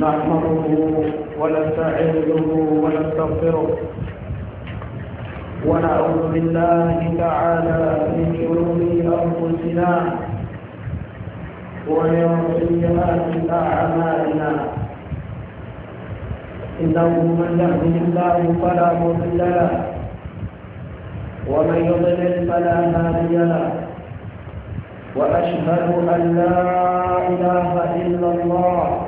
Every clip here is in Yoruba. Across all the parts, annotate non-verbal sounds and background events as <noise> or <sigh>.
نحمده ونستعينه ونستغفره ونعوذ بالله تعالى من شرور انفسنا ومن سيئات اعمالنا انه من يهده الله فلا مضل له ومن يضلل فلا هادي له وأشهد أن لا إله إلا الله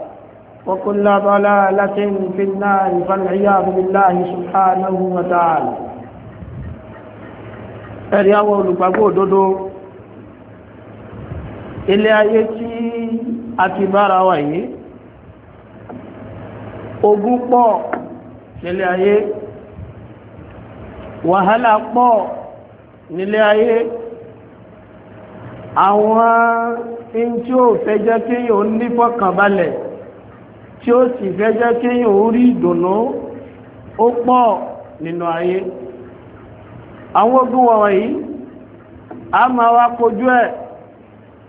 وكل ضلالة في النار فالعياذ بالله سبحانه وتعالى ẹ̀rí àwọn olùgbàgbọ́ òdodo ilé ayé tí a ti bára wà yìí ogun pọ̀ nílé ayé wàhálà pọ̀ nílé ayé àwọn tí ó fẹ́ jẹ́ kí yóò nífọ̀kànbalẹ̀ tí ó sì fẹ́ jẹ́ kéyàn orí ìdùnnú ó pọ̀ nínú ayé àwọn ogun wọ̀nyí yìí a ma wá kojú ẹ̀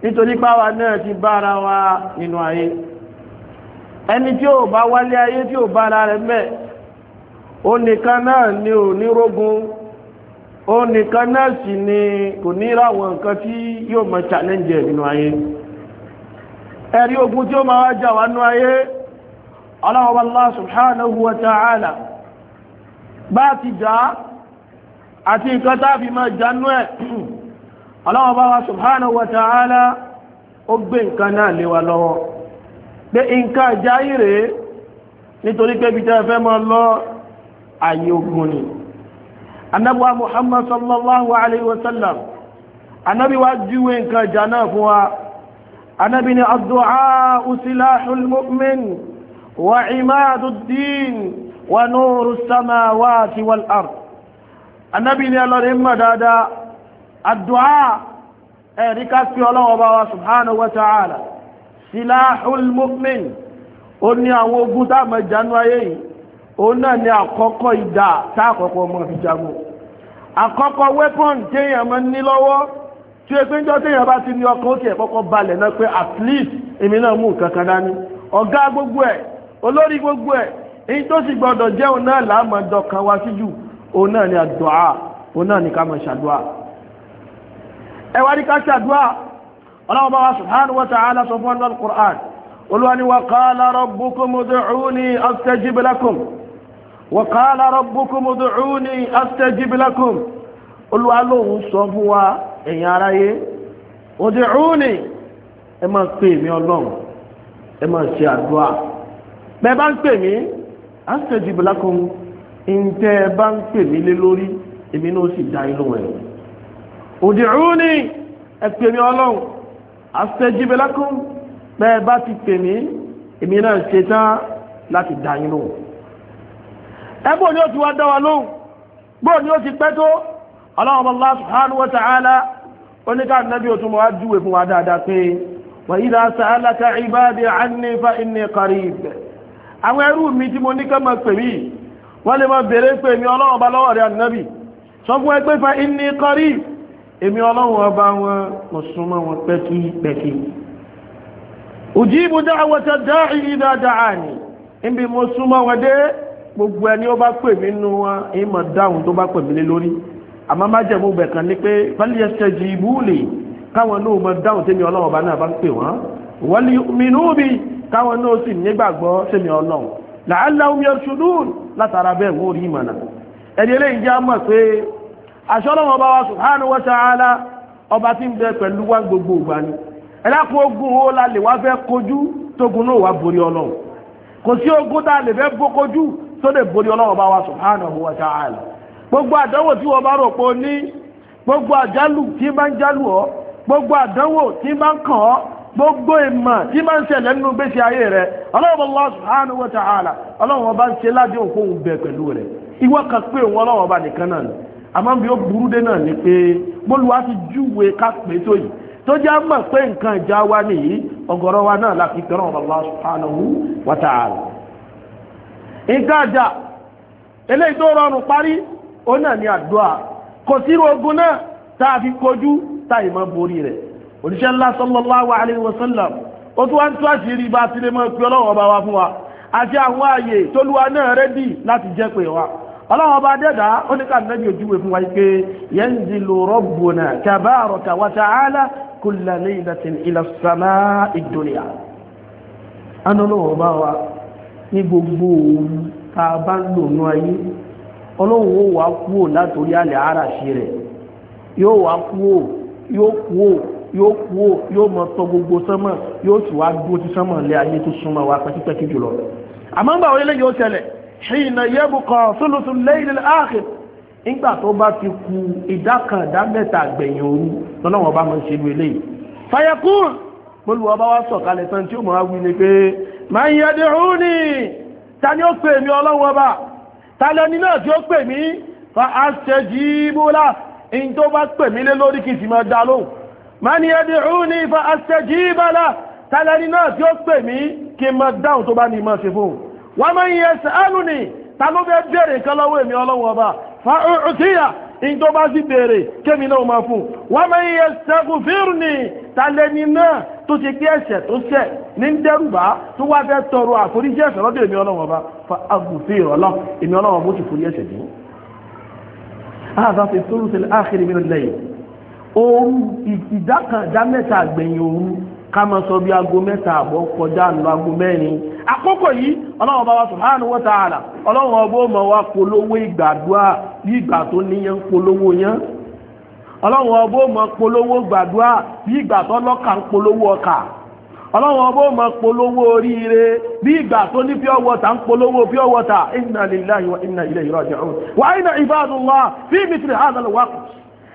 nítorí páwa náà ti bára wa nínú ayé ẹni tí ó bá wálé ayé tí ó bára rẹ̀ mẹ́ ni ò ní rógun ó nìkan ni kò ní ráwọn nǹkan tí yóò máa challenge nínú ayé ẹ̀rí ogun tí ó ma wá jà ọlọ́wọ́ Allah subhanahu wa ta'ala bá ti dá àti nǹkan táàfi máa jánú ẹ̀ ọlọ́wọ́ <clears throat> bá wa subhanahu wa ta'ala ó gbé nǹkan náà lé wa lọ́wọ́ pé nǹkan jáyé rèé nítorí pé bí tẹ́ẹ̀fẹ́ máa lọ ayé ogun ni anábíwá muhammad sallallahu alaihi wasallam anábíwá jíwé nǹkan jà náà fún wa anábí ni addu'a usilahul mu'min وعماد الدين ونور السماوات والأرض النبي نيالا رمى دادا الدعاء ركاس في الله وبا سبحانه وتعالى سلاح المؤمن أني أوقف دام الجنوية أنني أقوق إداء تاقوق ما في جامو أقوق weapon تيا من نلوه tí o pé ń jọ téèyàn bá ti ní ọkàn ó ti ẹ̀ kọ́kọ́ balẹ̀ náà pé at least èmi náà mú olórí gbogbo ẹ̀ èyí tó sì gbọdọ̀ jẹ́ òun náà láàmọ̀dọ̀ kan wá síjù òun náà ni àdúà òun náà ni ká mọ̀ ṣàdúà ẹ wá ní ká ṣàdúà ọlọ́wọ́ bá wa subhanahu wa ta'ala sọ fún ọlọ́run Qur'an olúwa ni wa qala rabbukum ud'uni astajib lakum wa qala rabbukum ud'uni astajib lakum olúwa lóhun sọ fún wa ẹ̀yin aráyé ud'uni ẹ máa pè mí ọlọ́run ẹ máa ṣe àdúà Mẹ bá ń pè mí astajib lakum ǹtẹ́ bá ń pè mí lé lórí èmi náà sì dá inú ẹ̀ ud'uni ẹ pè mí ọlọ́run astajib ti pè mí èmi náà ṣe tán láti dá inú ẹgbọ́n ni ti wá dá wa lóhùn ni ti pẹ́ tó ọlọ́run Allah subhanahu wa ta'ala oníkà nàbí o tún mọ́ ájúwe fún wa dáadáa pé wa ibadi àwọn ẹrú mi tí mo ní kán máa pè mí wọ́n lè máa bèèrè pé èmi ọlọ́run ọba lọ́wọ́ rẹ̀ ànábì sọ fún ẹ pé fa inni qarib èmi ọlọ́run ọba wọn mo wọn pẹ́kípẹ́kí ujibu da'wata da'i idha da'ani níbi mo súnmọ́ wọn dé gbogbo ẹni ó bá pè mí nú wọn èyí mọ̀ dáhùn tó bá pè mí lé lórí àmọ́ má jẹ̀mú bẹ̀ wọ́n wali yu'minu bi káwọn náà sì nígbàgbọ́ sẹ́mi ọlọ́run làálàáhùn yẹn ṣùdún látara bẹ́ẹ̀ wọ́n rí ìmọ̀nà ẹni eléyìí jẹ́ mọ̀ pé aṣọ́lọ́wọ́ bá wa subhanahu wa ta'ala ọba tí ń bẹ pẹ̀lú gbogbo ìgbà ni ẹ̀dàkùn ogun ó la lè wá fẹ́ kojú tógun náà wá borí ọlọ́run kò sí ogun tá a lè fẹ́ bó kojú tó gbogbo ìmọ̀ tí máa ń ṣẹlẹ̀ nínú gbèsè ayé rẹ̀ ọlọ́wọ́ Allah ọlọ́wọ́ bá ń ṣe láti òkòwò bẹ̀ pẹ̀lú rẹ̀ iwaka kan pé òun ọlọ́wọ́ bá nìkan náà ni àmọ́ bí ó burú dé náà ni pé bólúwa ti júwe ká pé tó yìí tó jẹ́ pé nǹkan wa nìyí ọ̀gọ̀rọ̀ wa náà láti tẹ̀rọ Allah wa ta'ala a òṣìṣẹ́ ńlá sallallahu alayhi wa sallam ó tún wá ń tó àṣírí bá ti lè mọ́ pé ọlọ́run ọba wa fún wa àti àwọn ààyè tólúwa náà rẹ́dì láti jẹ́ pé wa ọlọ́run ọba dẹ́dà ó ní káàdì lẹ́yìn ojúwe fún wa pé yanzilu rabbuna tabaraka wa ta'ala kulla laylatin ila sama'i dunya anọ́lọ́run ní gbogbo òun tá yóò wá kúò yóò kúò yóò mọ tọ gbogbo sánmọ̀ yóò sì wá dúró ti sánmọ̀ lé ayé tó súnmọ́ wa pẹ́kípẹ́kí jùlọ àmọ́ ńgbà yóò ṣẹlẹ̀ hìnà yẹ́bù kan sólùsùn lẹ́yìn láàkìr nígbà tó bá ti ku ìdá kan ìdá mẹ́ta gbẹ̀yìn òru lọ́nà wọn bá mọ̀ ṣe lu eléyìí fayakun olùwọ́ bá wá sọ̀kalẹ̀ tán tí ó mọ̀ wí ni pé máa ń yẹdi rú ni ta ni ó pè mí ọlọ́wọ́ bá ta lẹni náà tí ó pè mí fa aṣẹ́jì búlá in tó bá pè mí lé lórí kìí sì máa dá lóhùn man yad'uni fa astajiba lahu tàlẹ́ni náà tí ó pè mí kí n máa dáhùn tó bá ní máa ṣe fún wa man yas'aluni ta ló fẹ́ bèèrè nǹkan lọ́wọ́ èmi ọlọ́wọ́ ọba fa u'tiya in tó bá sì bèèrè kémi náà máa fún wa man yastaghfirni tàlẹ́ni náà tó ti gbé ẹ̀ṣẹ̀ tó ṣẹ̀ ọlọ́wọ́ ọba fa aghfira òru isi kan ìdá mẹ́ta àgbẹ̀yìn òru ká máa sọ bí aago mẹ́ta àbọ̀ kọjá àlọ́ aago mẹ́rin àkókò yìí ọlọ́run bá wa subhanahu wa ta'ala ọlọ́run ọba ó máa wá polówó ìgbàdúrà bí ìgbà tó níyẹn polówó yẹn ọlọ́run ọba ó máa polówó gbàdúrà bí ìgbà tó polówó ọkà ọlọ́run ó polówó oríire bí ìgbà wa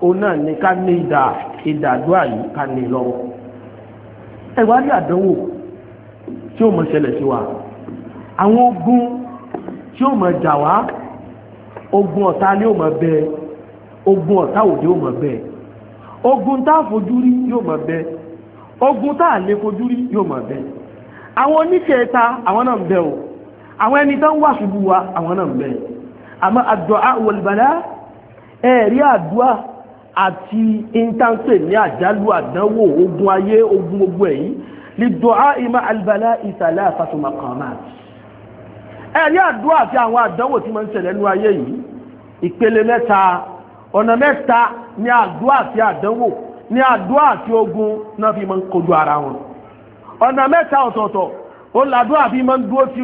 òun náà ní ká ní ìdà ìdàdúrà yìí ká ní lọ́wọ́ ẹ̀wá rí àdánwò tí ó ṣẹlẹ̀ sí wa àwọn ogun tí ó mọ̀ jà wá ogun ọ̀tá ni ó mọ̀ bẹ ogun ọ̀tá òde ó mọ̀ bẹ ogun tá a fojú rí yóò mọ̀ bẹ ogun tá a lè fojú rí yóò mọ̀ bẹ àwọn àwọn náà ń bẹ o àwọn ẹni tó ń wà ṣubú wa àwọn náà ń bẹ àmọ́ àdúà wal bala àti intanse ní àjálù àdánwò ogun ayé ogun gbogbo ẹ̀yìn lè dọ̀ á ìmọ̀ albala ìsàlẹ̀ àfàtùmọ̀ kan náà ẹ̀rí àdúrà àti àwọn àdánwò tí ma ń ṣẹlẹ̀ ní ayé yìí ìpele mẹ́ta ọ̀nà mẹ́ta ni àdúrà àti àdánwò ni àdúrà àti ogun náà fi ma ń kojú ara wọn ọ̀nà mẹ́ta ọ̀tọ̀ọ̀tọ̀ ó làdúrà bí ma ń dúró ti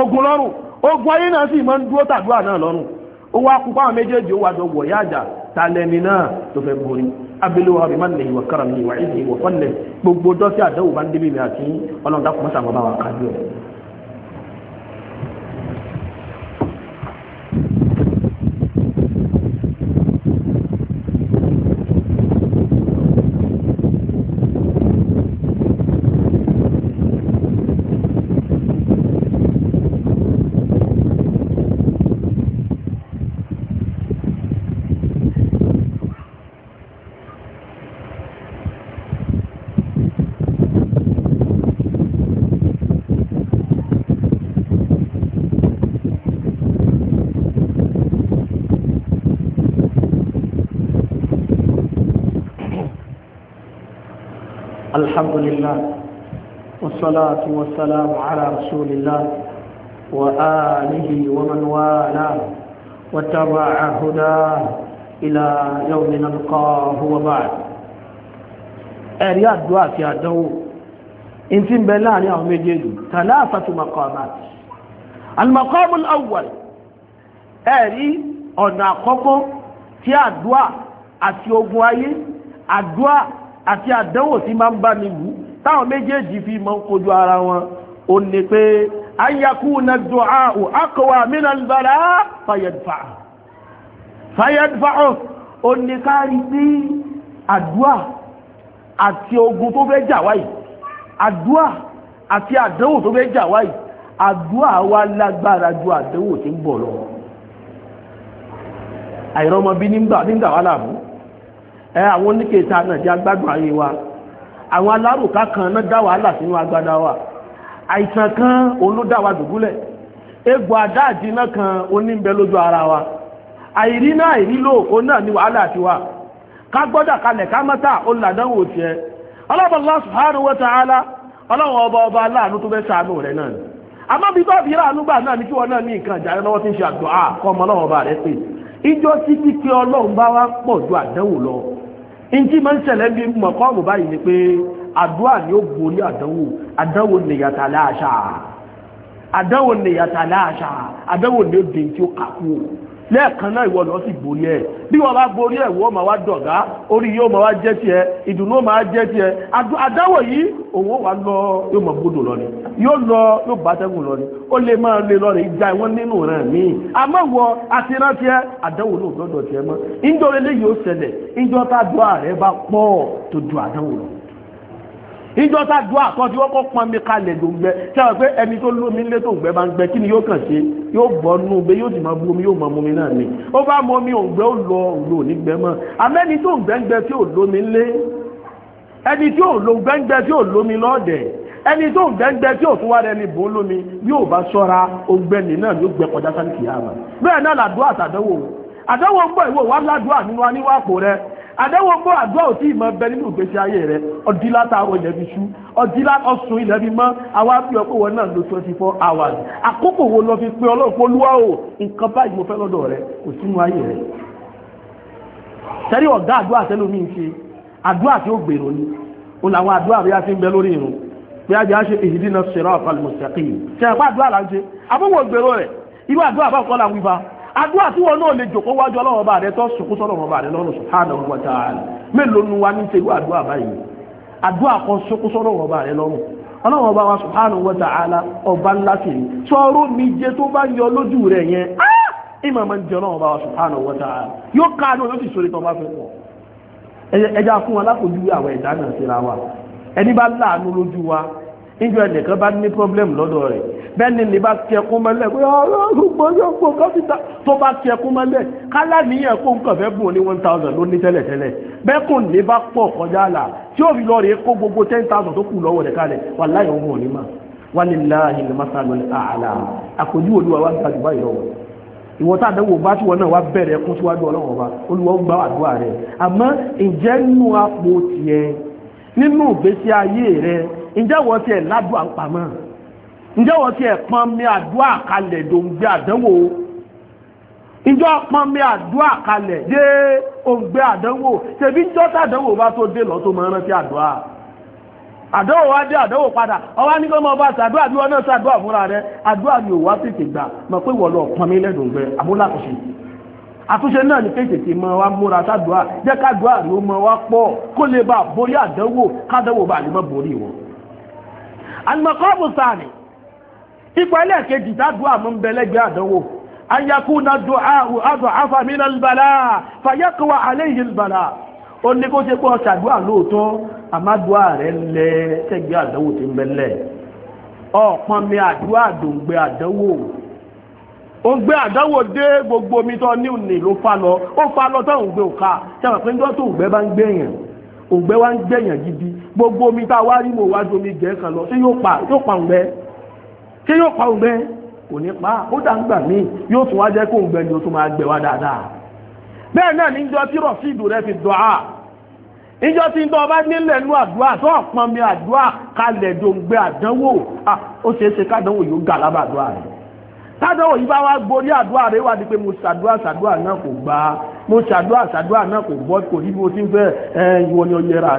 ogun lọ́rùn ogun ayé náà sì ma ń dúró tàdúrà náà lọ́rùn ó wá kú fáwọn méjèèjì ó wà jọ wọ̀ yáàjà tálẹ́ni náà tó fẹ́ borí abẹ́lẹ́wà bí má nìyí wà kára mi wà ìdí wà fọ́nlẹ̀ gbogbo dọ́sí àdáwò bá ń débi mi àti ọlọ́run dákùnmọ́sà bàbá wa kájú ẹ̀ الحمد لله والصلاة والسلام على رسول الله وآله ومن والاه واتبع هداه إلى يوم نلقاه وبعد أرياد دواتي أدو إن تم بلان يا أمجد ثلاثة مقامات المقام الأول أري أنا قوكو تيا أدوا أتي أبواي أدوا àti àdánwò tí máa ń bá ní wù táwọn méjèèjì fi máa ń kojú ara wọn ó ní pé ayakuna du'a aqwa min al-bala fayadfa fayadfa ó ní kárí sí àdúà àti ogun tó fẹ́ jà wáyìí àdúà àti àdánwò tó fẹ́ jà wáyìí àdúà wa lágbára ju àdánwò tí ń bọ̀ lọ àìrọ́mọbí nígbà wà láàmú ẹ àwọn oníkèéta náà jẹ́ agbádùn ayé wa àwọn alárùká kan náà dá wàhálà sínú wa àìsàn kan olódàwà dùgúlẹ̀ egbò kan ara wa àìrí náà àìrílò òun náà ni wàhálà wa ká gbọdọ ká olùdàdánwò wa ta'ala Ọlọwọ ọba ọba aláàánú tó fẹ́ ṣàánú rẹ̀ náà ni àmọ́ bí bá bíra àánú gbà náà ní kí wọ́n náà ní nǹkan ìjà ọba pé ìjọ títí bá wá ntí máa ń ṣẹlẹ̀ bí mọ̀kọ́ọ̀mù báyìí ni pé àdúrà ni ó borí àdánwò àdánwò nìyàtà láàṣà àdánwò nìyàtà láàṣà àdánwò ni ó dé ó kàkú lẹ́ẹ̀kan náà ìwọ lọ sí borí ẹ̀ bí wọ́n bá borí ẹ̀ wọ́n máa wá dọ̀gá orí yóò máa wá jẹ́ tiẹ̀ ìdùnnú máa jẹ́ tiẹ̀ àdáwọ̀ yìí òun wà lọ yóò máa gbódò lọ ni yóò lọ yóò bá tẹ́gùn lọ ni ó lè máa lè lọ rẹ̀ ìjà ìwọ́n nínú rẹ̀ mí àmọ́ wọ àti rántí ẹ àdáwọ̀ náà gbọ́dọ̀ tiẹ̀ mọ́ ìjọ eléyìí ó ṣẹlẹ̀ ìjọ tá a dùn ààrẹ bá pọ̀ tó ju àdáwọ̀ lọ ìjọ sàdúrà kan tí wọ́n kọ́ pọn mi kalẹ̀ ló ń gbẹ tí a pé ẹni tó lómi lé tó gbẹ máa ń gbẹ kí ni yóò kàn ṣe yóò bọ́ nù bẹ yóò sì máa bu omi yóò máa mumi náà ni ó bá mọ omi òǹgbẹ ó lọ òǹgbẹ ò ní gbẹ mọ́ àmẹ́ni tó gbẹ́ngbẹ́ tí ò lómi lé ẹni tí ò lo gbẹ́ngbẹ́ tí ò lómi lọ́ọ̀dẹ̀ ẹni tó ń gbẹ́ngbẹ́ tí ò tún wá rẹ ní bòó lómi yóò bá ṣọ́ra òǹgbẹ́ni náà yóò gbẹ kọjá sáà àdẹ́wò gbọ́ àdúrà ò tí ì mọ bẹ nínú ìgbésí ayé rẹ ọdí látàárọ̀ ilẹ̀ fi ṣú ọdí ọsùn ilẹ̀ fi mọ́ àwa fi ọ̀pọ̀ wọn náà lo twenty four hours àkókò wo lọ fi pé ọlọ́run polúwa o nǹkan báyìí mo fẹ́ lọ́dọ̀ rẹ kò sínú ayé rẹ. sẹ́rí ọ̀gá àdúrà tẹ́lómi ń ṣe àdúrà tí ó gbèrò ni ó làwọn àdúrà bí a ti ń bẹ lórí irun bí a jẹ́ a ṣe ihdina siratal mustaqim àdúrà tí wọn náà lè jòkó wájú ọlọ́run ọba rẹ tó sùkú sọ́lọ́run ọba rẹ lọ́rùn subhanahu wa ta'ala mélòó nu wa ní ṣerú àdúrà báyìí àdúrà kan sùkú sọ́lọ́run ọba rẹ lọ́rùn ọlọ́run ọba wa subhanahu wa ta'ala ọba ńlá sí i sọ̀rọ̀ mi jẹ tó bá yọ lójú rẹ yẹn ah! ìmọ̀ máa ń jẹ ọlọ́run ọba wa subhanahu wa ta'ala yóò ká ní olóṣì sórí tó bá fẹ́ pọ̀ ẹja fún wa lákòójúwé àwọn ẹ̀dá náà síra wa ẹni bá láàánú lójú wa níjọ ẹnìkan bá ní pọ́blẹ́mù lọ́dọ̀ rẹ̀ bẹ́ẹ̀ni ní bá ti ẹkún mọ́lẹ̀ pé ọlọ́gbọ́gbọ́ ah, ah, kọ́fíta tó bá ti ẹkún mọ́lẹ̀ kálá níyàn kó nǹkan fẹ́ bùn ní one thousand ló ní tẹ́lẹ̀ tẹ́lẹ̀ bẹ́ẹ̀kùn ní bá pọ̀ kọjá là tí ó fi lọ rèé kó gbogbo ten thousand tó kù lọ́wọ́ rẹ̀ kalẹ̀ wà láyé ohun òní mà wà ní láàyè ní masalu àlà àkójú olúwa wá gbàdú báyìí lọ́wọ́ ìwọ tá àdánwò bá tí wọn náà wá bẹ̀rẹ̀ ẹkún síwájú ọlọ́wọ́ wa olúwa ń gbá àdúrà rẹ̀ àmọ́ ǹjẹ́ nínú apò tiẹ̀ nínú ìgbésí ayé rẹ̀ ǹjẹ́ wọ́n tiẹ̀ ládùn àpamọ́ ǹjẹ́ wọ́n ti ẹ̀pọn mi àdúrà kalẹ̀ dòǹgbẹ àdánwò ìjọ ọpọn mi àdúrà kalẹ̀ dé òǹgbẹ àdánwò tèmi ń jọ́tà àdánwò bá tó dé lọ́tọ́ máa rántí àdúrà àdánwò wá dé àdánwò padà ọwá ní kọ́ mọ́ bá sàdúrà bí wọn náà sàdúrà fúnra rẹ àdúrà mi ò wá tètè gbà mọ̀ pé wọ́n lọ pọn mi lẹ́dòǹgbẹ àmúlàkùsì àtúnṣe náà ní kéèkéèké mọ́ wá múra sádùá jẹ́ kádùá ní ó mọ́ wá pọ̀ kó lè bá borí àdánwò kádánwò bá lè mọ́ borí wọn. àlùmọ̀kọ́ bùsàlẹ̀ ipa ẹlẹ́ẹ̀kejì tádùá mú ń bẹ̀lẹ́gbẹ̀ àdánwò ayakuna dùá àdùá afamina lbala fayakuwa aleyhi lbala ó ní kó ṣe pé ọ ṣàdúà lóòótọ́ àmádùá rẹ̀ lẹ tẹ́gbẹ́ àdánwò ti ń bẹ̀lẹ̀ ọ̀pọ̀n mi àdúà dòǹgbẹ àdánwò ó ń gbé àdánwò dé gbogbo omi tó ní òní ló fa lọ ó fa lọ tó ń gbé òka sábà pé tó ń gbẹ bá ń gbẹ̀yàn òǹgbẹ wá ń gbẹ̀yàn gidi gbogbo omi tá a wá rí mò wá domi gẹ̀ẹ́ kan lọ sí yóò pa yóò pa kí yóò pa ògbẹ kò ní pa ó dà ń gbà mí yóò tún wá jẹ́ kó ògbẹ ni ó tún máa gbẹ wá dáadáà bẹ́ẹ̀ náà ní ìjọ tí rọ̀fíìdù rẹ fi dọ̀ á ìjọ tí ń tọ́ ọba nílẹ̀ nú àdúrà tó ọ̀pọ̀n mi àdúrà kalẹ̀ ó ṣeé ṣe kádánwò yóò gà lábà àdúrà kádánwò yìí bá wá gborí àdúrà pé ní bí mo ti ń fẹ́ ẹ ìwọ ni yẹra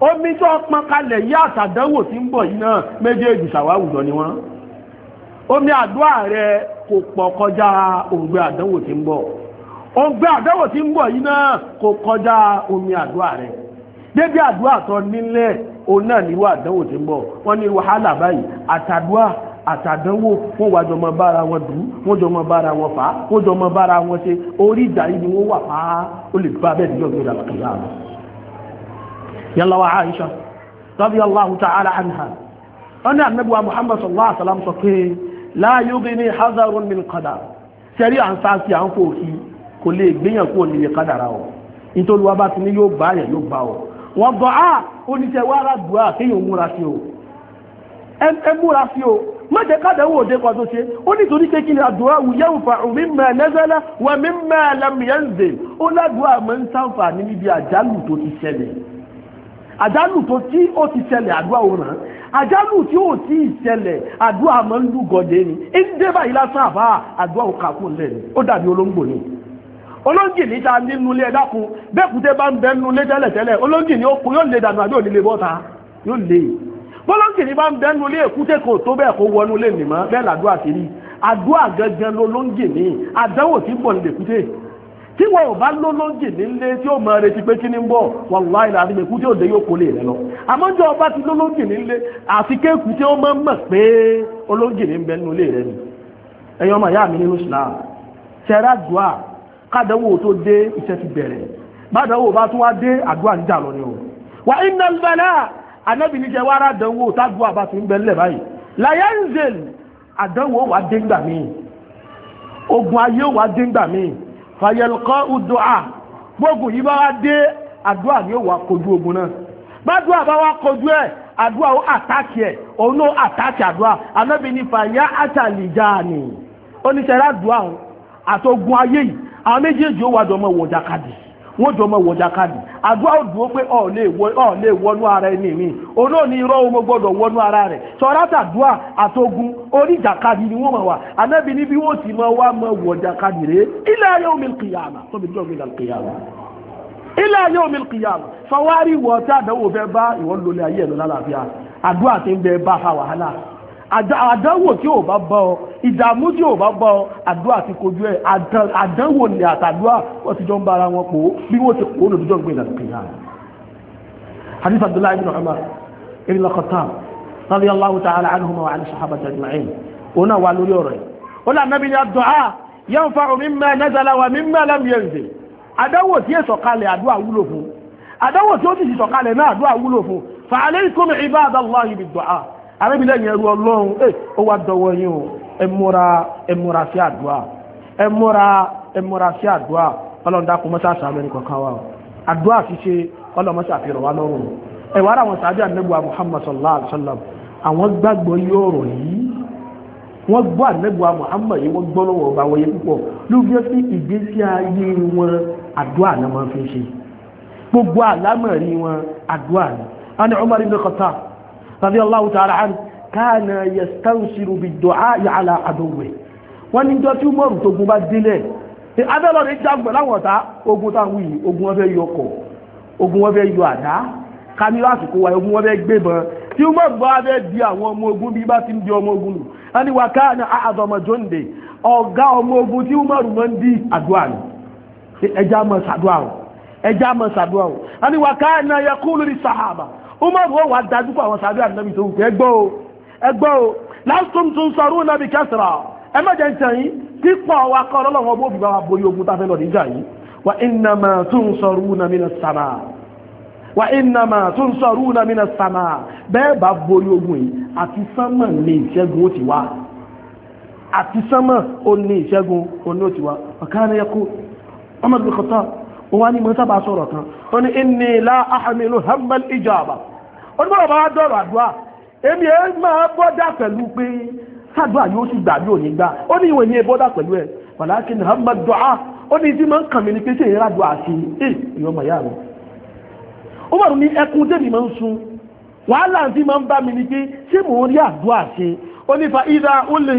omi tó pọn kalẹ̀ yí àtàdánwò tí ń bọ̀ yìí náà méjèèjì ṣàwáwùjọ ni wọ́n omi àdúrà rẹ kò pọ̀ kọjá òǹgbẹ àdánwò tí ń bọ̀ òǹgbẹ àdánwò tí ń bọ̀ yìí náà kò kọjá omi àdúrà rẹ débi àdúrà tó nílẹ̀ òun náà nírú àdánwò tí ń bọ̀ wọ́n ní wàhálà báyìí àtàdúrà àtàdánwò wọ́n wà jọmọ bára wọn dùn wọ́n jọmọ bára wọn fà wọ́n jọmọ bára wọn ṣe orí ìdarí ni wọ́n wà fà á ó lè bá bẹ́ẹ̀ níjọ́ gbé yalla wa aisha radiyallahu ta'ala anha wọ́n ní ànábì wa muhammad sallallahu alaihi wasallam sọ pé la yughni hazarun min qadar sẹ́rí à ń sá sí à ń kó kí kò lè gbéyàn kó níye kádàrà o nítorí wa bá ti ní yóò bá yẹn yóò bá o wọ́n gbọ́ á oníṣẹ́ wa ara dùn á kéèyàn múra sí o ẹ múra sí o má jẹ́ kádàwó òde kan tó ṣe ó nítorí pé kí ni àdúrà wù yẹ́wù fà mí mẹ́ lẹ́sẹ̀lẹ́ wà mí mẹ́ lẹ́mìyẹ́ǹdè ó ládùúgbò àmọ́ ń sáǹfà níbi àjálù tó ti ṣẹlẹ̀ àjálù tó tí ó ti ṣẹlẹ̀ àdúrà òràn àjálù tí ó ti ṣẹlẹ̀ àdúrà máa ń lù gọ̀dẹ̀ ni ẹ̀ńdẹ́ báyìí lásán àbá àdúrà òkà kò lẹ́nu ó dàbí olóńgbò ni olóńgì ní ta nínú ilé ẹ̀dá kun bẹ́ẹ̀kútẹ́ bá ń bẹ nínú ilé tẹ́lẹ̀tẹ́lẹ̀ olóńgì ni ó kun yóò lè dànù àbí òní lè bọ́ta yóò lè bọ́lọ́ǹgì ní bá ń bẹ nínú ilé èkúté kò tó bẹ́ẹ̀ kó wọnú ilé nìmọ́ bẹ́ẹ̀ làdúrà sí rí àdúrà gangan lolóńgì ní àdánwò tí ń bọ̀ nílé èkúté tí wọn ò bá ló lóúnjẹ nílé tí ó máa retí pé kí ni ń bọ̀ wàláì láti lè kú tí ó dé yóò kó lè rẹ lọ ọba ti ló lóúnjẹ nílé àfi kéèkù tí ó máa mọ̀ pé olóúnjẹ ní bẹ nínú ilé rẹ ni ọmọ ìyá mi nínú Islam tẹ́rẹ́ tó dé ti bá tún wá dé àdúrà ń lọ ni o wà iná anábì níjẹ ti ń bẹ báyìí fàyẹ̀lùkọ́ ùdùà gbógun yìí bá wá dé àdúrà ni ó wà kojú ogun náà gbádùá bá wá kojú ẹ̀ àdúrà ó àtàkì ẹ̀ òun ló àtàkì àdúrà anábì ní fàyà àtàlìjà ni oníṣẹ́ rádùá àtògùn ayé yìí àwọn méjèèjì ó wà jọmọ wọ̀jà wọ́n jọ mọ̀ wọ̀jà káàdì àdúrà ò dúró pé ọ̀ lè wọnú ara ẹni mi olóòní irọ́ omo gbọ́dọ̀ wọnú ara rẹ̀ sọ̀rọ̀tà dúà àtogun oníjà káàdì ni wọ́n mọ̀ wá anábì ní bí wọ́n ti mọ̀ wá mọ̀ wọ̀jà káàdì rẹ̀ ila yawmil qiyamah tóbi jọ́ gbẹ̀dà kìyàmà ila yawmil qiyamah fọwárí wọ̀ tá àdánwò fẹ́ bá ìwọ́n lólè ayé ẹ̀ lọ́lá àdúrà ti ń bẹ bá fa wàhálà àdánwò tí ò bá bá ọ ìdààmú tí ò bá bá ọ àdúrà ti kojú ẹ àdánwò ni àtàdúrà wọn ti jọ ń bára wọn pò ó bí wọn ti pò ó lòdùjọ gbé ìdàgbé yàrá hadith abdullahi ibn umar ibn al-khattab radiyallahu ta'ala anhuma wa 'an sahabati ajma'in òun náà wà lórí ọ̀rọ̀ yìí ó lè ànábi ni àdúrà yanfa'u mimma nazala wa mimma lam yanzil àdánwò tí èso kalẹ̀ àdúrà wúlò fún àdánwò tí ó ti náà àdúrà wúlò fún fa alaykum ibadallahi bid-du'a arábìlẹ̀yìn ẹrú ọlọ́run ẹ ó wá dọwọ́ yín o ẹ múra ẹ múra sí àdúrà ẹ múra ẹ múra sí àdúrà ọlọ́run dákun mọ́sá sàmì ẹnì kọ̀ọ̀kan wa o àdúrà ṣíṣe ọlọ́run mọ́sá fi rọ̀ wá lọ́rùn ẹ wàá àwọn sàbí ànẹ́gbà Muhammad sallallahu alayhi wa sallam àwọn gbàgbọ́ yóò yìí wọ́n gbọ́ ànẹ́gbà Muhammad yìí wọ́n gbọ́ lọ́wọ́ ọba wọ́yẹ púpọ̀ ló fi sí ìgbésí ayé wọn àdúrà رضي الله تعالى عنه كان يستنصر بالدعاء على عدوه wọ́n ní jọ tí mọ́rù tó gun bá délẹ̀ abẹ́lọ́ ní jágbọ̀n láwọn ọ̀tá ogun táwọn yìí ogun wọn fẹ́ yọ ọkọ̀ ogun wọn fẹ́ yọ àdá kami lásìkò wa ogun wọn fẹ́ gbébọn tí mọ́rù bá fẹ́ di àwọn ọmọ ogun bí bá ti ń di ọmọ ogun nù wọ́n ní wa káàní àdọ̀mọ̀ jóńdè ọ̀gá ọmọ ogun tí mọ́rù mọ́ ń di àdúrà nù ẹja mọ̀ sàdúrà o ẹja mọ̀ sàdúrà o wọ́n ní wa káàní yakulu li sahaba umar wọ́n wà dájúkọ àwọn sàbí ànábì tó wùkẹ́ ẹgbọ́ o ẹgbọ́ o lásìkò tó ń sọrú nàbì kẹsìrà ẹ má jẹ́ ń tẹ̀ yín pípọ̀ wa kọ́ ọlọ́wọ́ bó fi bá wa borí ogun táfẹ́ lọ níjà yìí wà ìnàmà tó ń sọrú nàmì nà sàmà wà ìnàmà tó ń sọrú nàmì nà sàmà bẹ́ẹ̀ bá borí ogun yìí àti sánmà ní ìṣẹ́gun ó ti wá àti sánmà ó ní ìṣẹ́gun ó ní ó ti wá ọ̀kan wọ́n ní mọ́ sábà sọ̀rọ̀ kan wọ́n ní inni la ahamilu hammal ijaba ó ní bọ́rọ̀ bá dọ̀rọ̀ àdúrà èmi ẹ máa bọ́dà pẹ̀lú pé sàdúrà yóò sì gbà bí òní gbà ó ní ìwé ní bọ́dà pẹ̀lú ẹ̀ walakin hammal du'a ó ní tí máa ń kàn mí ni pé ṣe ìrìn àdúrà sí ẹ ìyọmọ ó wà ní ẹkún tèmi máa ń sun wàhálà tí máa ń bá mi ni pé ṣé mò ń rí àdúrà ṣe ó ní fa ìdá olè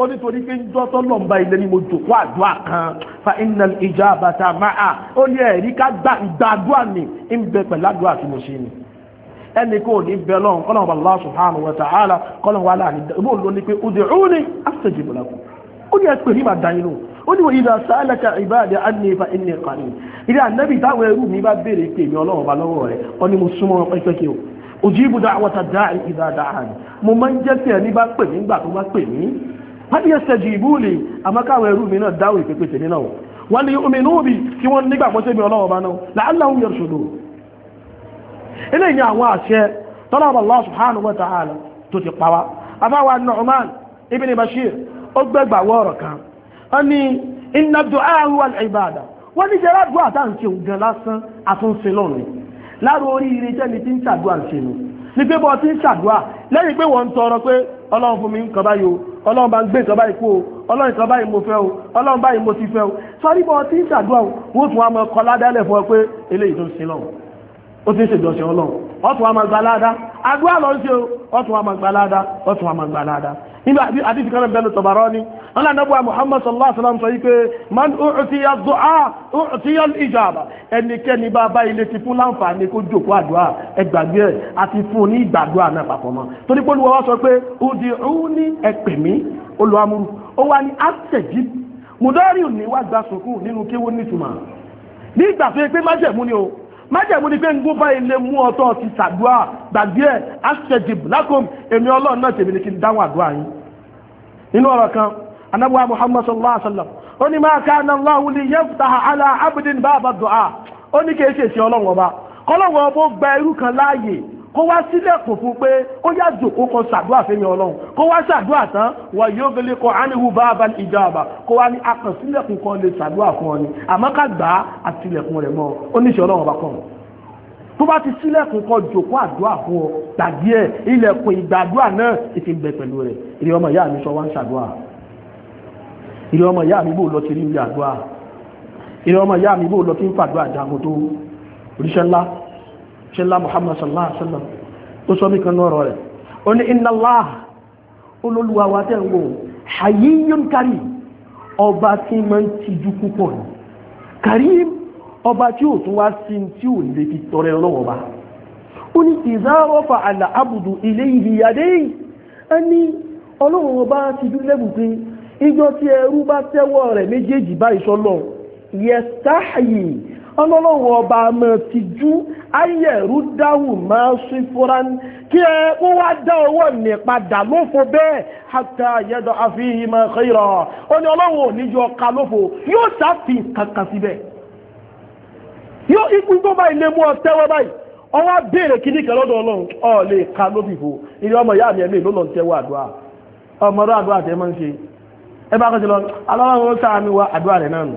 ó ní torí pé ń jọ́ tọ́lọ̀ ń ba ilé ni mo jòkó àdúrà kan fa iná ìjà àbàtà máa ó ní ẹ̀rí ká gba ìgbà àdúrà ni ń bẹ pẹ̀lú àdúrà tí mo ṣe ni ẹnì kò ní bẹ lọ́run kọ́lọ́n wà Allah subhanahu wa ta'ala kọ́lọ́n wà láàrin ìbò ló ní pé ó dé ó ní astajib lakum ó ní ẹ̀pẹ̀ ní màdá inú ó ní ìdá sálẹ̀kà ìbáàdì anni fa inni qareeb ìdá ànábì táwọn ẹrú mi bá béèrè pè hadi yastajibu li àmọ́ káwọn ẹrú mi náà dáwọ̀ ìpépè tèmi náà wọ̀ wọ́n ní omi inú bí kí wọ́n nígbàgbọ́ tèmi ọlọ́wọ́ bá náà la'allahum yarshudun eléyìí àwọn àṣẹ tọ́lọ́bà Allah subhanahu wa ta'ala tó ti pàwá afáwà Nu'man ibn Bashir ó gbẹ́gbà wọ́ọ̀rọ̀ kan ó ní inna du'a huwa al-ibada wọ́n ní jẹ́ ládùú àtàǹtì ògùn lásán àtúnṣe lọ́rùn láàrú orí ire jẹ́ni tí ń ṣàdúà ṣe nù ní pé bọ́ ti ń ṣàdúà lẹ́yìn pé wọ́n ń tọrọ pé ọlọ́run fún mi nǹkan báyìí o ọlọ́run bá ń gbé nǹkan báyìí kú o ọlọ́run nǹkan báyìí mo fẹ́ o ọlọ́run báyìí mo ti fẹ́ o sọrí bọ́ tí ń ṣàdúrà o wọ́n tún wá mọ ọkọ ládàálẹ̀ fún ọ pé eléyìí tó ń sin lọ́wọ́ ó ti ń ṣèjọsìn ọlọ́run ọ̀tún wa máa gba ládàá àdúrà lọ́ọ́ ṣe o ọ̀tún máa gba ládàá ọ̀tún wa máa gba ládàá nínú àdífi kan bẹ̀rẹ̀ tọ̀bàrọ́ ni ọlọ́nàbọ̀ Muhammad sallallahu alaihi wasallam sọ wípé man u'tiya du'a u'tiya al-ijaba ẹnikẹ́ni bá bá ilé ti fún láǹfààní kó jòkó àdúrà ẹgbàgbé ẹ̀ àti fún ní ìgbàdúrà náà papọ̀ mọ́ torí pé olùwọ́ sọ pé ud'uni ẹ̀pẹ̀ mí olùwàmúrú ó wá ní àtẹ̀jí mùdọ́rì ò ní wá gba sùkúù nínú kéwọ́ nítumọ̀ nígbà tó yẹ pé májẹ̀mú ni o májẹ̀mú ni pé ń gún báyìí lè mú ọtọ́ ti ṣàdúrà gbàgbé ẹ̀ astajib lakum èmi ọlọ́run náà tèmi kí n dáhùn yín ọ̀rọ̀ kan anábùwà muhammad sallallahu alaihi wa sallam ó ní ma kana Allahu ala abdin baba du'a ó ní kí ẹ ṣèṣe gba irú kó wá sílẹ̀kùn fún pé ó yá jòkó kan ṣàdúrà fẹ́mi ọlọ́run kó wá ṣàdúrà tán wà yóò gbélé kan ánihu bá abal ìjọ àbá kó wá ní akàn sílẹ̀kùn kan lè ṣàdúrà fún ọ ni àmọ́ ká gbà á àtìlẹ̀kùn rẹ̀ mọ́ oníṣẹ́ ọlọ́run ọba kan tó bá ti sílẹ̀kùn kan jòkó àdúrà fún ọ tàbí ẹ̀ ilẹ̀kùn ìgbàdúrà náà ti bẹ pẹ̀lú rẹ̀ ìrẹ́ ọmọ ìyá mi sọ wá ń ṣàdúrà ṣe ńlá muhammad sallallahu alaihi wasallam ó sọ mí kan ní ọ̀rọ̀ rẹ̀ ó ní inna Allah olólùwà wa tẹ̀ ń wò hayyun karim ọba tí máa ń tijú púpọ̀ ní karim ọba tí ò tún wá sí tí ò lè fi tọrẹ lọ́wọ́ bá ó ní ìzáwọ́fà àlà àbùdù ilé ìhìyàdé ẹni ọlọ́run ọba tijú lẹ́bùn pé ìjọ tí ẹrú bá tẹ́wọ́ rẹ̀ méjèèjì báyìí sọ́lọ́ yẹ sáàyè ọlọ́lọ́wọ́ ọba mọ̀ ti jú ayẹ̀rú dáhùn máa sí fúra kí ẹ kó wá dá owó ní padà lófo bẹ́ẹ̀ hàtà yẹ́dọ̀ àfihàn máa kọ́ ìrọ̀ ó ní ọlọ́wọ́ ò ní yọ ọ̀ka lófo yóò sáfì kankan síbẹ̀ yóò ikú tó bá ilé mú ọ tẹ́wọ́ báyìí ọwọ́ béèrè kíní kan lọ́dọ̀ ọlọ́run ọ lè ka lóbì fò ilé ọmọ ìyá mi ẹ̀mí ló lọ tẹ́wọ́ àdúrà ọmọ àdúrà tẹ́ máa ń ṣe ẹ bá kọ́ sí lọ alọ́run sáà mi wá àdúrà rẹ̀ náà nù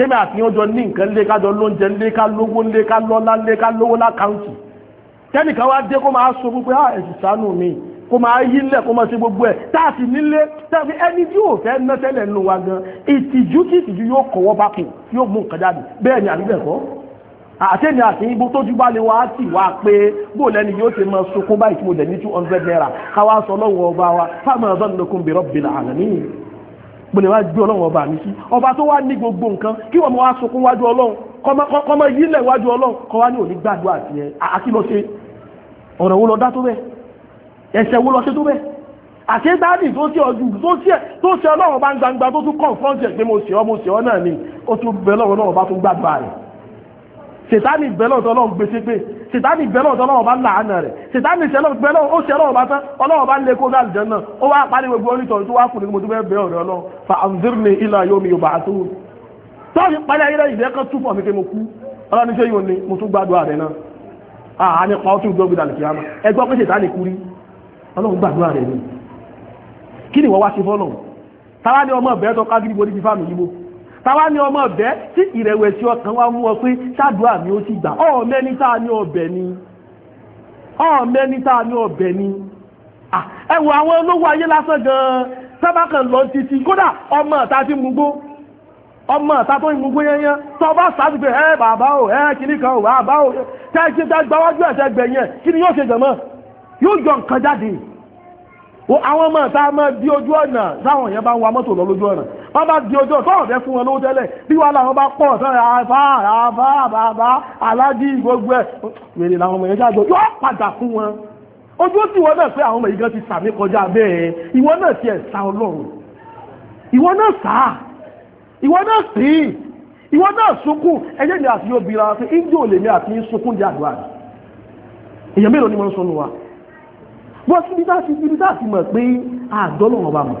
tẹ́mi àti ọjọ́ ní nǹkan lé kájọ lóúnjẹ lé ká lówó lé ká lọ́lá lé ká lówó lákàntì tẹ́nìkan wá dé kó máa sọ gbogbo ẹ̀ ẹ̀sùn sánú mi kó máa yílẹ̀ kó máa ṣe gbogbo ẹ̀ táàtì nílé tàbí ẹni tí ò fẹ́ ná tẹ́lẹ̀ nù wa gan ìtìjú kí ìtìjú yóò kọ̀wọ́ bá kù yóò mú nǹkan jáde bẹ́ẹ̀ ni àbí bẹ́ẹ̀ kọ́ àtẹ́ni àti ibo tójú bá lè wá tì wá pé bó lẹ́ni yóò ṣe máa sunkún báyìí tí mo dẹ̀ ní two hundred naira káwá sọ lọ́wọ́ ọba wa fáwọn ọ̀dọ́ nínú kùn bi rabbil alamin mo lè wá gbé ọlọ́run ọba mi sí ọba tó wá ní gbogbo nǹkan kí wọ́n mọ wá sunkún wájú ọlọ́run kọ́mọ yílẹ̀ wájú ọlọ́run kọ́ wá ní òní gbàdúrà sí ẹ àti lọ ṣe ọ̀rọ̀ wo lọ dá tó bẹ́ẹ̀ ẹ̀ṣẹ̀ wo lọ ṣe tó bẹ́ẹ̀ àti dáàdì tó ṣe ọjù tó ṣe ọlọ́run bá ń gbangba tó tún kọ̀ǹfọ́ǹtì ẹ̀ pé mo ṣe ọ mo ṣe ọ náà ni ó tún bẹ ọlọ́run náà bá tún gbàdúrà rẹ̀ sètáni bẹ́lọ̀ tó lọ́wọ́ gbèsè pé sètáni bẹ́lọ̀ tó lọ́wọ́ bá ń làánà rẹ̀ sètáni bẹ́lọ̀ ó ṣe lọ́wọ́ bá tán ọlọ́wọ́ bá ń lé kóńdà àlùjọ náà ó wá parí gbogbo onítọ̀ọ́ tó wá kùnú mo tún fẹ́ bẹ́ ọ̀rẹ́ ọlọ́wọ́ fa anzirni ila yomi yub'athun tọ́ọ̀fì parí ayé rẹ̀ ìdẹ́ kan tún fọ̀ mí pé mo kú ọlọ́ni ṣé yóò ní mo tún gbàdúrà rẹ̀ náà àá ní kọ́ tún gbọ́gbìdà lè kíyàmá ẹgbọ́ pé sètáni kú rí ọlọ́run gbàdúrà rẹ̀ tàwa ni ọmọ ọ̀bẹ́ tí ìrẹ̀wẹ̀sì ọkàn wa mú ọ pé ṣáàdùá mi ó ti gbà ọ̀ọ́mẹ́ni tá a ní ọbẹ̀ ni ọ̀ọ́mẹ́ni tá a ní ọbẹ̀ ni ẹ wo àwọn olówó ayé lásán gan-an sábàkàn lọ títí kódà ọmọ ọ̀tá ti mugbó ọmọ ọ̀tá tó ń mugbó yẹnyẹn tó bá sáàdù pé ẹ bàbá o ẹ kìíní kan o bàbá o tẹ́ ẹ ṣe tẹ́ gbáwájú ẹ̀ṣẹ̀ gbẹ̀yẹn kí ni yóò ṣe jẹ̀mọ́ yóò jọ nǹkan jáde àwọn ọmọ ọ̀tá máa di ojú ọ̀nà táwọn èèyàn bá ń wa mọ́tò lọ lójú ọ̀nà tó bá di ọjọ́ tó ọ̀fẹ́ fún wọn lówó tẹ́lẹ̀ bí wà láwọn bá pọ̀ sọ́rọ̀ àfá àfá bàbá alájí gbogbo ẹ̀ wèrè làwọn ọmọ yẹn jágbó yóò padà fún wọn ojú ó sì wọ́n náà pé àwọn ọmọ yìí gan ti sàmì kọjá bẹ́ẹ̀ ìwọ náà ti ẹ̀ sá ọlọ́run ìwọ náà sá ìwọ náà sí ìwọ náà sunkún ẹjẹ́ mi àti yóò bira pé indi ò lè mi àti sunkún di àdúrà èèyàn mélòó ni wọ́n ń sọnù wa bọ́sibítà ti bíbítà ti mọ̀ pé àdọ́lọ́wọ́n bá mọ̀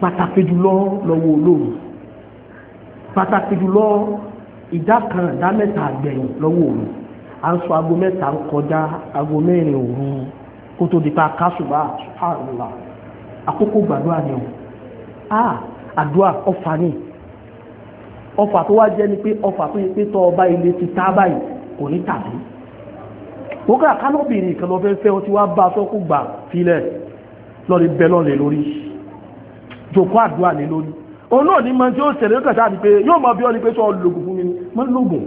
pàtàkì jùlọ lọ́wọ́ olóòrùn pàtàkì jùlọ ìdá kan ìdá mẹ́ta àgbẹ̀yìn lọ́wọ́ òru à ń sọ aago mẹ́ta ń kọjá aago mẹ́rin òru kó tó di pa kásùbà àrùlà àkókò gbàdúrà ni o a àdúrà ọfà ni ọfà tó wá jẹ́ ni pé ọfà tó yẹ pé tọ́ ọba ilé ti tá báyìí kò ní tàbí kókà kánọ́bìnrin kan lọ fẹ́ fẹ́ wá bá aṣọ́kù gbà filẹ̀ lọ́ọ́ lè bẹ́ lọ́ọ́ lè lórí jòkó àdúrà lé lórí òun náà ní mọ tí ó ṣẹlẹ̀ ó kàn sáà di pé yóò mọ bí ọ ní pé sọ lògùn fún mi ni mọ lògùn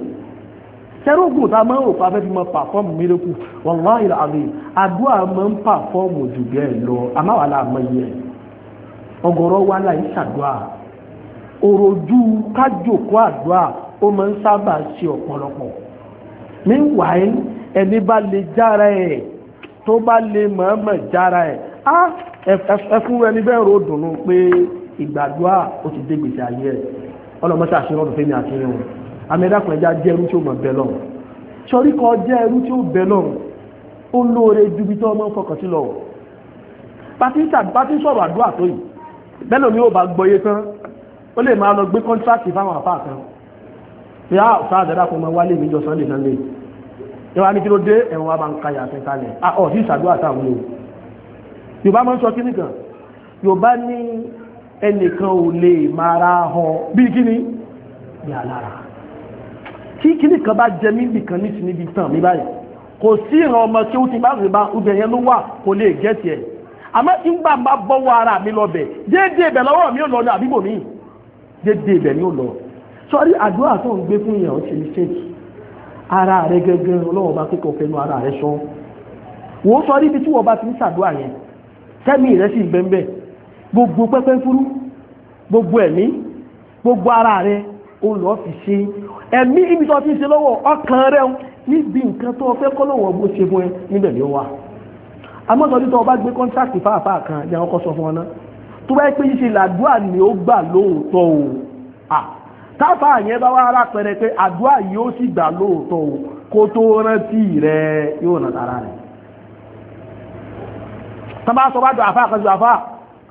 sẹ́rọ̀gùn tá a máa ń rò pa fẹ́ fi mọ pàfọ́ọ̀mù mírèkù wàláhì àmì àdúrà máa ń pàfọ́ọ̀mù jù bẹ́ẹ̀ lọ àmáwàlá àmọ́ yẹ ọgọ́rọ́ wa láì ṣàdúrà òròjú kájòkó àdúrà ó máa ń sábà ṣe ọ̀pọ̀lọpọ̀ meanwhile ẹni bá lè jára ẹ̀ tó bá lè mọ̀ọ́mọ̀ jára ẹ̀ á ah, ẹfún ẹni bẹ́ẹ̀ ro dùnú pé ìgbàgbọ́ à ó ti dé gbèsè ayé ẹ̀ ọlọ́mọṣẹ́ àṣírọ́ ọdún fẹ́mi àti irun àmì ẹ̀dàkùn ẹja jẹ́ ẹrú tí ó mọ̀ bẹ́ẹ̀ lọ sọrí kọ jẹ́ ẹrú tí ó bẹ́ẹ̀ lọ ó lóore ju ibi tí ọmọ ń fọkàn sí lọ pàtí sọ̀rọ̀ àdúrà tó yìí bẹ́ẹ̀ lómi ó bá gbọ́yé tán ó lè máa lọ gbé kọ́ńtíráàtì fáwọn àfáà kan pé á ọ̀sán àdẹ́dàkùn ọmọ wálé mi jọ sunday sunday ìwà ní kí ló dé ẹ̀wọ̀n wa máa ń ka yàtọ̀ ah, ọ̀ sí ìṣàdúrà táwọn yòó yorùbá máa ń sọ kíní kan yorùbá ní ẹnìkan ò lè mara họ bí kíní yà lára kí kíní kan bá jẹ mí nìkan ní sinmi bí tàn mí báyìí kò sí ìran ọmọ tí ó ti bá rèé bá ubẹ̀ yẹn ló wà kò lè gẹ́ tiẹ̀ àmọ́ ìgbà máa bọ́wọ́ ara mi lọ bẹ̀ déédéé ibẹ̀ lọ́wọ́ mi ò lọ ní àbíbò mi déédéé ibẹ̀ ni ó lọ sọ́rí àdúrà tó ń gbé fún èèyàn ṣe ní ṣéèkì ara rẹ gẹ́gẹ́ ọlọ́wọ́n bá kíkọ́ fẹ́nu ara rẹ sọ wò ó sọ́rí ibi tí wọ́n bá ti ń ṣàdúrà yẹn tẹ́mì rẹ̀ sì bẹ́ẹ̀ gbogbo pẹ́pẹ́ fúrú gbogbo ẹ̀mí gbogbo ara rẹ̀ ó lọ fi ṣe ẹ̀mí ibi tó ti ṣe lọ́wọ́ ọkàn rẹ̀ níbi nǹkan tó fẹ́ kọ́lọ́wọ́ bó ṣe fún ẹ níbẹ̀ ni ó wà amọ́sọ̀dí tó bá gbé kọ́ńtàkì fáàfáà kan ní àwọn kọ́sọ̀ fún ọ náà tó bá pé ṣe làdúà ni ó gbà lóòótọ́ o táfà yẹn bá wá ara pẹrẹ pé àdúà yìí ó sì gbà lóòótọ́ o kó tó rántí rẹ yóò nà tara rẹ̀ tán bá sọ bá dùn àfáà kan ju àfáà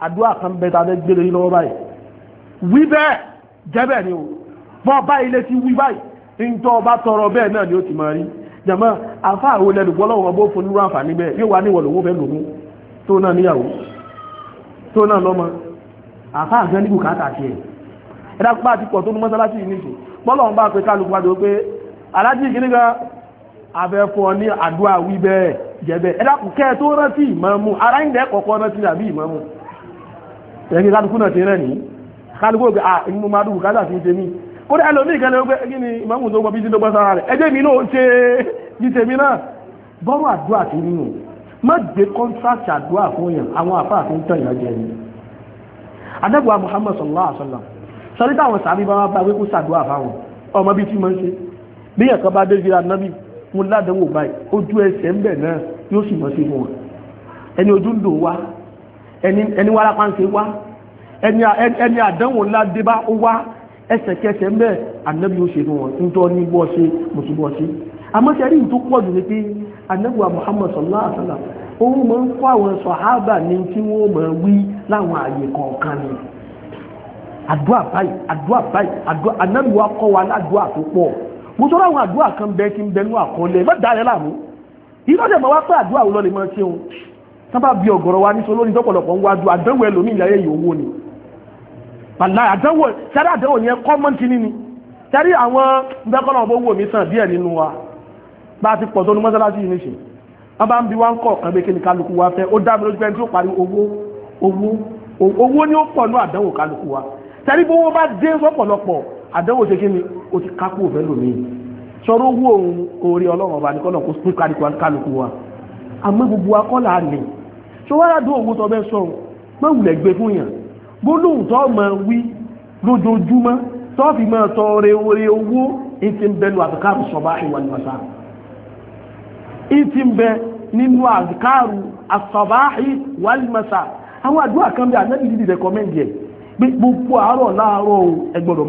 àdúrà kan bẹ̀ta lẹ́ gbélé lọ́wọ́ báyìí wí bẹ́ẹ̀ ni o bọ́ báyìí lé ti wí báyìí tọ́ bá tọrọ bẹ́ẹ̀ náà ni ó ti máa rí jàmọ́ àfáà wo lẹ́nu gbọ́ lọ́wọ́ bó fún irú àǹfààní bẹ́ẹ̀ yóò wá ní ìwọ̀lówó bẹ́ẹ̀ lòun tó náà níyàwó tó náà lọ́mọ àfáà gan nígbù káàtà sí ẹ̀ ẹ̀dá pípa àti pọ̀ tó ní mọ́sálásì yìí nìṣó bọ́lọ́run bá pe kálukú wájú pé aláàjì kìnnìkan abẹ́fọ́ ní àdúrà wí bẹ́ẹ̀ jẹ́bẹ́ ẹ̀dàkù kẹ́ tó rántí ìmámù ara ń dẹ́ kọ̀kọ́ rántí àbí ìmámù ẹ̀kí kálukú náà ti rẹ̀ ní kálukú ògbé à ìmú máa dùn kálà sí tèmi ó dẹ́ ẹlòmí ìkẹlẹ̀ ó gbé kí ni ìmámù tó gbọ́ bí síndó gbọ́sára rẹ̀ ẹjẹ́ mi náà ṣe ní tèmi náà bọ́rọ̀ àdúrà tó nínú má gbé kọ́ńtrátì àdúrà fún yẹn àwọn àfà àti ń tàn yẹn jẹ ni adẹ́gbà Muhammad sallallahu alaihi wasallam sọ ní táwọn sàbí bá wá bá wípé sàdúrà fáwọn ọmọ bíi tí mo ń ṣe bí yẹn kan bá dé vira mo ládánwò báyìí ojú ẹsẹ̀ ń bẹ̀ náà yóò sì mọ̀ sí fún wọn ẹni ojú ń dùn wá ẹni wárápá ń ṣe wá ẹni àdánwò ńlá dé bá ó wá ẹsẹ̀kẹsẹ̀ ń bẹ̀ ànábì ó ṣe fún wọn ń tọ́ ní bọ́ ṣe mùsùlùmọ́ sí àmọ́ ṣe rí tó pọ̀ jù ní pé ànábì wa Muhammad sallallahu alaihi wasallam òun mọ̀ ń kọ́ àwọn sọ̀hábà ní tí wọ́n mọ̀ wí láwọn àyè kọ̀ọ̀kan ni àdúà báyìí àdúà báyìí àdúà ànábì wa kọ́ wa ládùúà tó pọ̀ mo tọ́ra àwọn àdúrà kan bẹ kí n bẹnu àkọọ́lẹ̀ má dá láàmú iná dẹ̀ wá pé àdúrà òun lọ lè mọ́ sábà bí ọ̀gọ̀rọ̀ wa níṣó lórí tọ́pọ̀lọpọ̀ ń wá ju àdánwò ẹlòmíì láyé yìí owó ni pàlà àdánwò sáré àdánwò yẹn common kìíní ni sáré àwọn mbẹ́kọ́nà ọ̀bọ̀ owó mi sàn díẹ̀ nínú wa bá a ti pọ̀ tó ní mọ́sálásí yìí níṣe wọ́n bá ń bi wá ń kọ̀ kan pé kí ni kálukú wa fẹ́ ó dá bá dé sọ́pọ̀lọpọ̀ àdánwò ṣe kí ni o ti kápò òfẹ́ lòmí sọ̀rọ̀ owó òun orí ọlọ́run ọba nìkan náà kó sí kálukú kálukú wa àmọ́ gbogbo akọ́là nì ṣó wá rádùn òun tó bẹ́ sọ mọ́wùlẹ̀ gbé fún yàn gbólóhùn mọ wí lójoojúmọ́ fi mọ́ tọrẹ orí owó ìtì ń bẹ lu àtìkáàrù sọba ìwà nìwàsá ìtì ń bẹ nínú àtìkáàrù àsọba ìwà àwọn àdúrà kan bí ẹ̀ gbogbo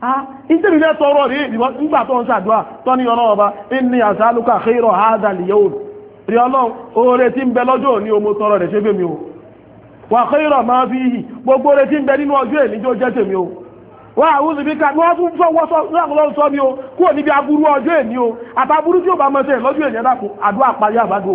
ìsìnkú ah, jẹ́ tọrọ rí nígbà tó ń ṣàdúrà tọ́ ní ọlọ́wọ́ bá ní àṣálùkà khayra hadha liyawm rí ọlọ́run oore tí ń bẹ lọ́jọ́ òní omo tọrọ rẹ̀ ṣe o wà khayra ma fihi gbogbo o tí ń n'inu nínú ọjọ́ èní tó jẹ́ tèmi o wà àwùjọ bí ká o wọ́n tún fọwọ́ sọ́ọ̀lọ́run sọ ní o kúrò níbi aburú ọjọ́ èní o adu tí ò o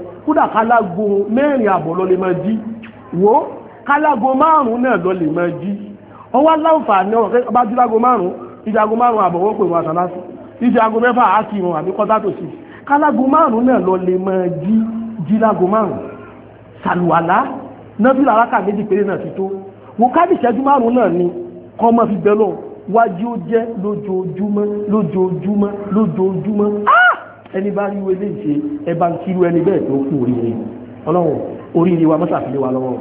kódà kálágo mẹ́rin àbọ̀ lọ lè máa jí wò ó kálágo márùn-ún náà lọ lè máa jí ọwọ́ láǹfààní ọ̀rọ̀ ọba jí lágo márùn-ún ìdí ago márùn-ún àbọ̀ wọ́n pè wọ́n àtàlásì ìdí ago mẹ́fà àti ìrùn àbí kọ́tà tó sì kálágo márùn-ún náà lọ lè máa jí jí márùn-ún sàlùwàlá nábìlà alákà méjì péré náà ti tó wò káàdì márùn-ún náà ni kọ́ mọ́ fi bẹ́ lọ wájú jẹ́ lójoojúmọ́ lójoojúmọ́ lójoojúmọ́ áà ẹni bá rí wọlé ìṣe ẹ bá ń kírú ẹni bẹ́ẹ̀ tó kú oríire ọlọ́run oríire wa mọ́sà fi lé wa lọ́wọ́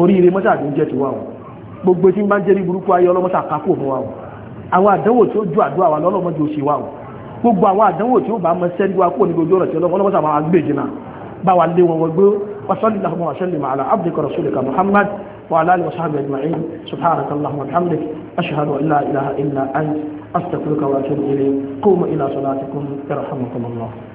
oríire mọ́sà tó ń jẹ́ tiwa o gbogbo tí ń bá ń jẹ́ ní burúkú ayé ọlọ́mọ́sà kákò fún wa o àwọn àdánwò tí ó ju àdúrà wa lọ́lọ́mọdé ó ṣe wa o gbogbo àwọn àdánwò tí ó bá mọ sẹ́ni wa kúrò ní gbogbo ọ̀rọ̀ tí ọlọ́mọ́sà máa gbé jìnnà bá wa lé wọn wọn gbé وصلي عبدك ورسولك محمد وعلى اله وصحبه اجمعين سبحانك اللهم وبحمدك اشهد ان لا اله أستغفرك وأتوب إليك قوموا إلى صلاتكم يرحمكم الله